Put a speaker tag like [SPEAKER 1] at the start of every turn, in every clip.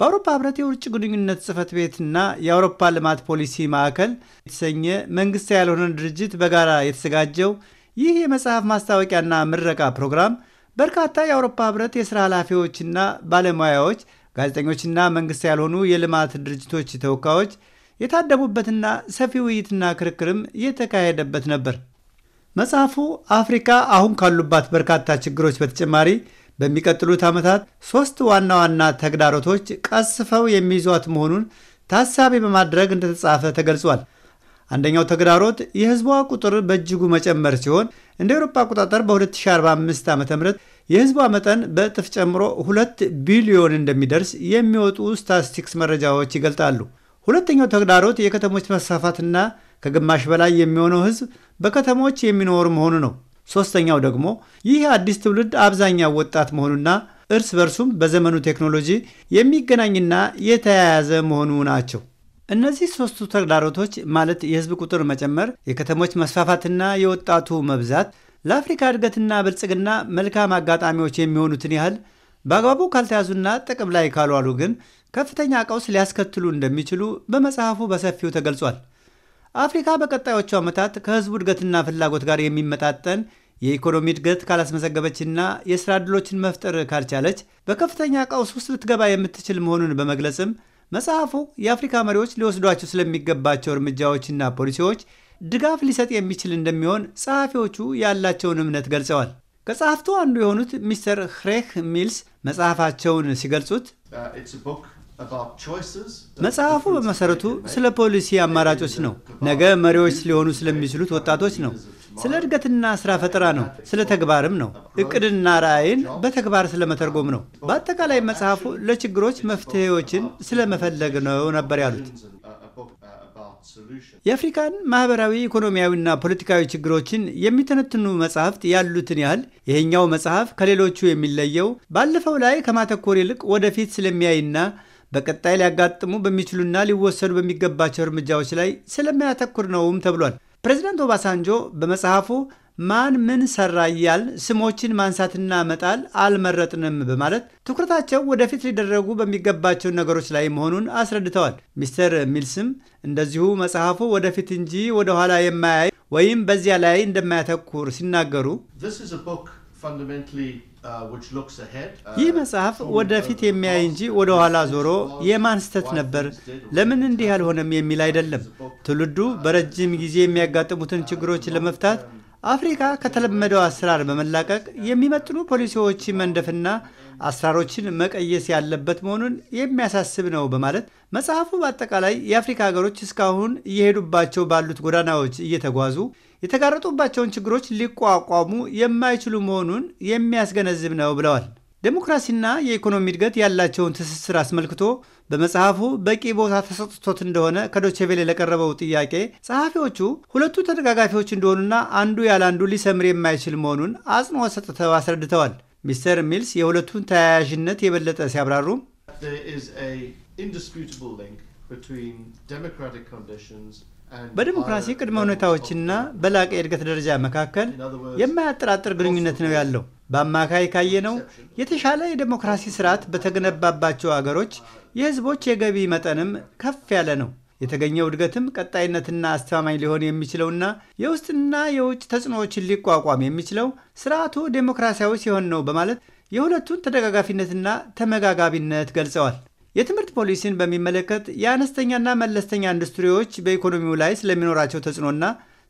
[SPEAKER 1] በአውሮፓ ህብረት የውጭ ግንኙነት ጽህፈት ቤትና የአውሮፓ ልማት ፖሊሲ ማዕከል የተሰኘ መንግስት ያልሆነ ድርጅት በጋራ የተዘጋጀው ይህ የመጽሐፍ ማስታወቂያና ምረቃ ፕሮግራም በርካታ የአውሮፓ ህብረት የሥራ ኃላፊዎችና ባለሙያዎች፣ ጋዜጠኞችና መንግሥት ያልሆኑ የልማት ድርጅቶች ተወካዮች የታደሙበትና ሰፊ ውይይትና ክርክርም የተካሄደበት ነበር። መጽሐፉ አፍሪካ አሁን ካሉባት በርካታ ችግሮች በተጨማሪ በሚቀጥሉት ዓመታት ሦስት ዋና ዋና ተግዳሮቶች ቀስፈው የሚይዟት መሆኑን ታሳቢ በማድረግ እንደተጻፈ ተገልጿል። አንደኛው ተግዳሮት የሕዝቧ ቁጥር በእጅጉ መጨመር ሲሆን እንደ አውሮፓ አቆጣጠር በ2045 ዓ ም የሕዝቧ መጠን በእጥፍ ጨምሮ 2 ቢሊዮን እንደሚደርስ የሚወጡ ስታትስቲክስ መረጃዎች ይገልጣሉ። ሁለተኛው ተግዳሮት የከተሞች መስፋፋትና ከግማሽ በላይ የሚሆነው ሕዝብ በከተሞች የሚኖር መሆኑ ነው። ሶስተኛው ደግሞ ይህ አዲስ ትውልድ አብዛኛው ወጣት መሆኑና እርስ በርሱም በዘመኑ ቴክኖሎጂ የሚገናኝና የተያያዘ መሆኑ ናቸው። እነዚህ ሦስቱ ተግዳሮቶች ማለት የህዝብ ቁጥር መጨመር፣ የከተሞች መስፋፋትና የወጣቱ መብዛት ለአፍሪካ እድገትና ብልጽግና መልካም አጋጣሚዎች የሚሆኑትን ያህል በአግባቡ ካልተያዙና ጥቅም ላይ ካልዋሉ ግን ከፍተኛ ቀውስ ሊያስከትሉ እንደሚችሉ በመጽሐፉ በሰፊው ተገልጿል። አፍሪካ በቀጣዮቹ ዓመታት ከህዝቡ እድገትና ፍላጎት ጋር የሚመጣጠን የኢኮኖሚ እድገት ካላስመዘገበችና የሥራ ዕድሎችን መፍጠር ካልቻለች በከፍተኛ ቀውስ ውስጥ ልትገባ የምትችል መሆኑን በመግለጽም መጽሐፉ የአፍሪካ መሪዎች ሊወስዷቸው ስለሚገባቸው እርምጃዎችና ፖሊሲዎች ድጋፍ ሊሰጥ የሚችል እንደሚሆን ጸሐፊዎቹ ያላቸውን እምነት ገልጸዋል። ከጸሐፍቱ አንዱ የሆኑት ሚስተር ክሬክ ሚልስ መጽሐፋቸውን ሲገልጹት መጽሐፉ በመሰረቱ ስለ ፖሊሲ አማራጮች ነው። ነገ መሪዎች ሊሆኑ ስለሚችሉት ወጣቶች ነው። ስለ እድገትና ስራ ፈጠራ ነው፣ ስለ ተግባርም ነው። እቅድና ራዕይን በተግባር ስለመተርጎም ነው። በአጠቃላይ መጽሐፉ ለችግሮች መፍትሄዎችን ስለመፈለግ ነው ነበር ያሉት። የአፍሪካን ማህበራዊ ኢኮኖሚያዊና ፖለቲካዊ ችግሮችን የሚተነትኑ መጽሐፍት ያሉትን ያህል ይሄኛው መጽሐፍ ከሌሎቹ የሚለየው ባለፈው ላይ ከማተኮር ይልቅ ወደፊት ስለሚያይና በቀጣይ ሊያጋጥሙ በሚችሉና ሊወሰዱ በሚገባቸው እርምጃዎች ላይ ስለሚያተኩር ነውም ተብሏል። ፕሬዚዳንት ኦባሳንጆ በመጽሐፉ ማን ምን ሰራ እያል ስሞችን ማንሳትና መጣል አልመረጥንም በማለት ትኩረታቸው ወደፊት ሊደረጉ በሚገባቸው ነገሮች ላይ መሆኑን አስረድተዋል። ሚስተር ሚልስም እንደዚሁ መጽሐፉ ወደፊት እንጂ ወደኋላ የማያይ ወይም በዚያ ላይ እንደማያተኩር ሲናገሩ Uh, uh, ይህ መጽሐፍ ወደፊት uh, የሚያይ እንጂ ወደ ኋላ ዞሮ የማን ስተት ነበር፣ ለምን እንዲህ አልሆነም የሚል አይደለም። ትውልዱ በረጅም ጊዜ የሚያጋጥሙትን ችግሮች ለመፍታት አፍሪካ ከተለመደው አሰራር በመላቀቅ የሚመጥኑ ፖሊሲዎችን መንደፍና አሰራሮችን መቀየስ ያለበት መሆኑን የሚያሳስብ ነው በማለት መጽሐፉ በአጠቃላይ የአፍሪካ ሀገሮች እስካሁን እየሄዱባቸው ባሉት ጎዳናዎች እየተጓዙ የተጋረጡባቸውን ችግሮች ሊቋቋሙ የማይችሉ መሆኑን የሚያስገነዝብ ነው ብለዋል። ዴሞክራሲና የኢኮኖሚ እድገት ያላቸውን ትስስር አስመልክቶ በመጽሐፉ በቂ ቦታ ተሰጥቶት እንደሆነ ከዶቼቬሌ ለቀረበው ጥያቄ ጸሐፊዎቹ ሁለቱ ተደጋጋፊዎች እንደሆኑና አንዱ ያለ አንዱ ሊሰምር የማይችል መሆኑን አጽንኦት ሰጥተው አስረድተዋል። ሚስተር ሚልስ የሁለቱን ተያያዥነት የበለጠ ሲያብራሩ በዲሞክራሲ ቅድመ ሁኔታዎችና በላቀ የእድገት ደረጃ መካከል የማያጠራጥር ግንኙነት ነው ያለው። በአማካይ ካየነው የተሻለ የዴሞክራሲ ስርዓት በተገነባባቸው አገሮች የህዝቦች የገቢ መጠንም ከፍ ያለ ነው። የተገኘው እድገትም ቀጣይነትና አስተማማኝ ሊሆን የሚችለውና የውስጥና የውጭ ተጽዕኖዎችን ሊቋቋም የሚችለው ስርዓቱ ዴሞክራሲያዊ ሲሆን ነው በማለት የሁለቱን ተደጋጋፊነትና ተመጋጋቢነት ገልጸዋል። የትምህርት ፖሊሲን በሚመለከት የአነስተኛና መለስተኛ ኢንዱስትሪዎች በኢኮኖሚው ላይ ስለሚኖራቸው ተጽዕኖና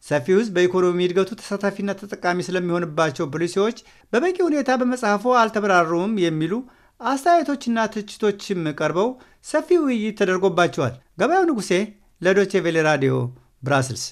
[SPEAKER 1] ሰፊው ሕዝብ በኢኮኖሚ እድገቱ ተሳታፊና ተጠቃሚ ስለሚሆንባቸው ፖሊሲዎች በበቂ ሁኔታ በመጽሐፉ አልተብራሩም የሚሉ አስተያየቶችና ትችቶችም ቀርበው ሰፊ ውይይት ተደርጎባቸዋል። ገበያው ንጉሴ ለዶቼ ቬሌ ራዲዮ ብራስልስ